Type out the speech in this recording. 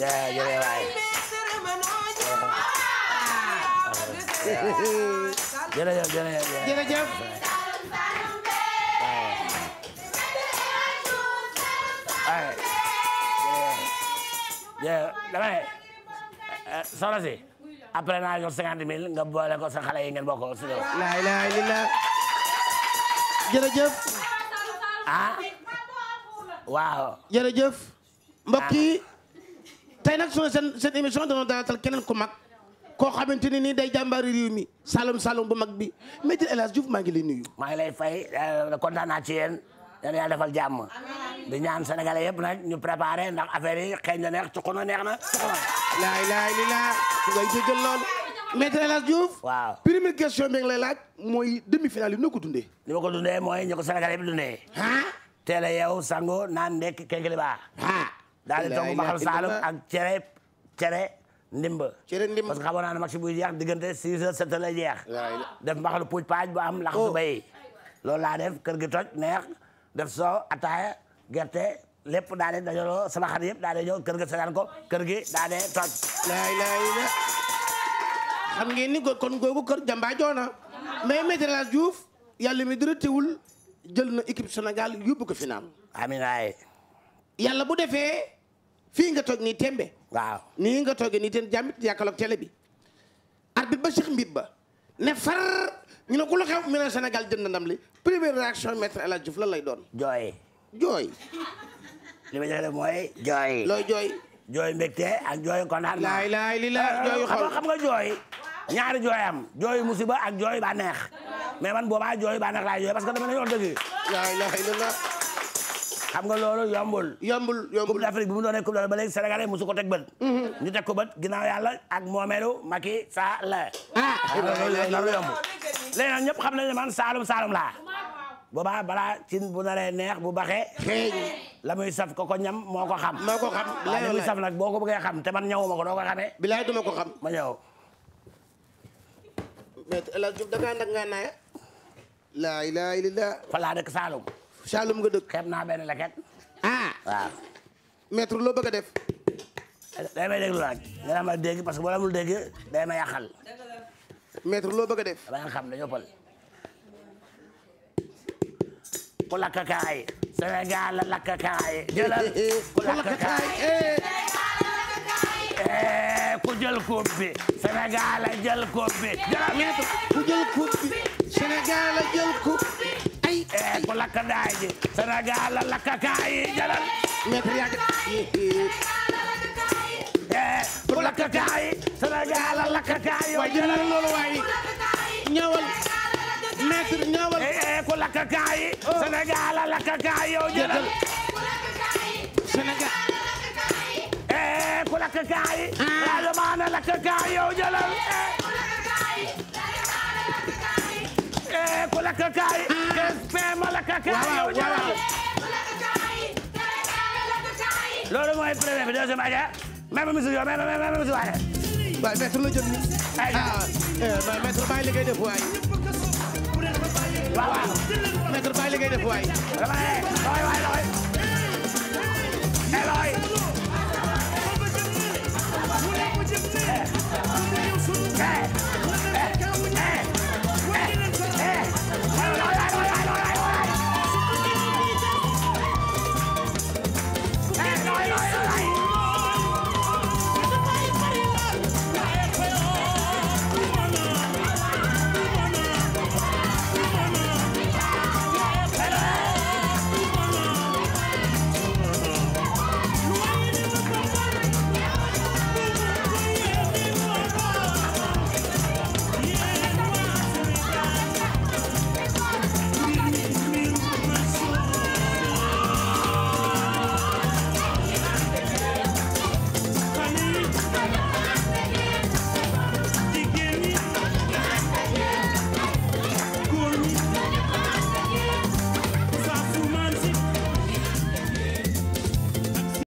Yeah, you're right. jërëjëf jërëjëf jërëjëf. dama ne soxna si après naa yor cinquante mille la ilaha illallah jërëjëf ah waaw jërëjëf mbokk yi ah. tey nag soo seen seen émission dana dalatal keneen ku mag koo xamante ne nii day jàmbaari réew mi salum salum bu mag bi Maître El Hadj Diouf maa ngi lay maa ngi lay fay euh, kontaan naa ci yéen yéen yàlla defal jàmm di ñaan sénégalais yëpp nag ñu préparé ndax affaire yi xëy na neex cuqu na neex na. laay laay li laa ngay jéggal lool Maître El Hadj Diouf. question bi nga lay laaj mooy demi finale yi noo ko dundee. ni ma ko dundee mooy ñu ko sénégalais bi teel a yeewu sango naan nekk Kékéléba. daal di togg baxal saalum ak cere cere ndimba. cere ndimba parce que xamoon naa ne match buy jeex diggante six heures sept heures def mbaxalu puuj paaj bu am laxu oh. bay. loolu laa def kër gi neex def soo ataaya gerte lépp daa de dajaloo sama xarit de ñëw kër gi seetaan ko kër gi daa de toj. laay laay la xam ngeen kon googu kër jàmbaajoona mais Maître El Hadji Diouf yàlla mi jël na équipe Sénégal yóbbu ko final. amiin waay. bu defee fii nga toog nii tembe. waaw nii nga toogee nii ten jàmbit yàkkaloog télé bi. arbitre ba Cheikh Mbib ba ne far ñu ne ku la xew Sénégal jënd ndam li première réaction maître El Hadj Diouf lan lay doon. jooy. jooy. li ma joxe mooy. looy jooy. jooy ak jooy kontaan. laay laay li la jooy xam nga jooy. ñaari jooy jooy musiba ak jooy ba neex. mais man boobaa jooy baa nag laa jooy xam nga loolu yombul. yombul yombul Coupe d'Afrique bi mu ba léegi sénégalais musu ko teg bët. Mhm. ko bët ginnaaw yàlla ak moomeelu Macky Sall. ah, ah loolu loolu yombul. ñëpp xam nañ ne man Saalum Saalum laa. booba balaa cin bu naree neex bu baxee. la muy saf ko ko ñam moo ko xam. moo ko xam la muy saf boo ko bëggee xam te man ñawuma ko doo ko xamee. ko xam laa ilaaha illallaah. fa dëkk Saalum. Saalum nga dëkk. xeeb naa benn leket. ah waaw. maître loo def. day may déglu laaj. nga ma parce que boo amul dégg day ma yàqal. maître loo bëgg def. ku lakk kaay. Sénégal jëlal ku jël coupe bi. jël coupe jëlal maître ku jël coupe Sénégal la jël coupe ay ay ko lakka daay ji Sénégal la lakka kaay jalal maître yaa ko eh, lakka kaay Sénégal la lakka kaay waay jalal loolu waay ñëwal maître ñëwal ay eh, eh, ko lakka kaay oh. Sénégal la lakka kaay yow oh, jalal Sénégal ay ko lakka kaay ay ah. dama na lakka kaay yow oh, jalal ko lakk kaay. KSP ma lakk kaay. waaw waaw loolu mooy premier bi deuxième aja. même monsieur yow même même monsieur waaye. waaye maître la jël ay ah maître bàyyi li ngay def waay. waaw waaw maître bàyyi li ngay def waay.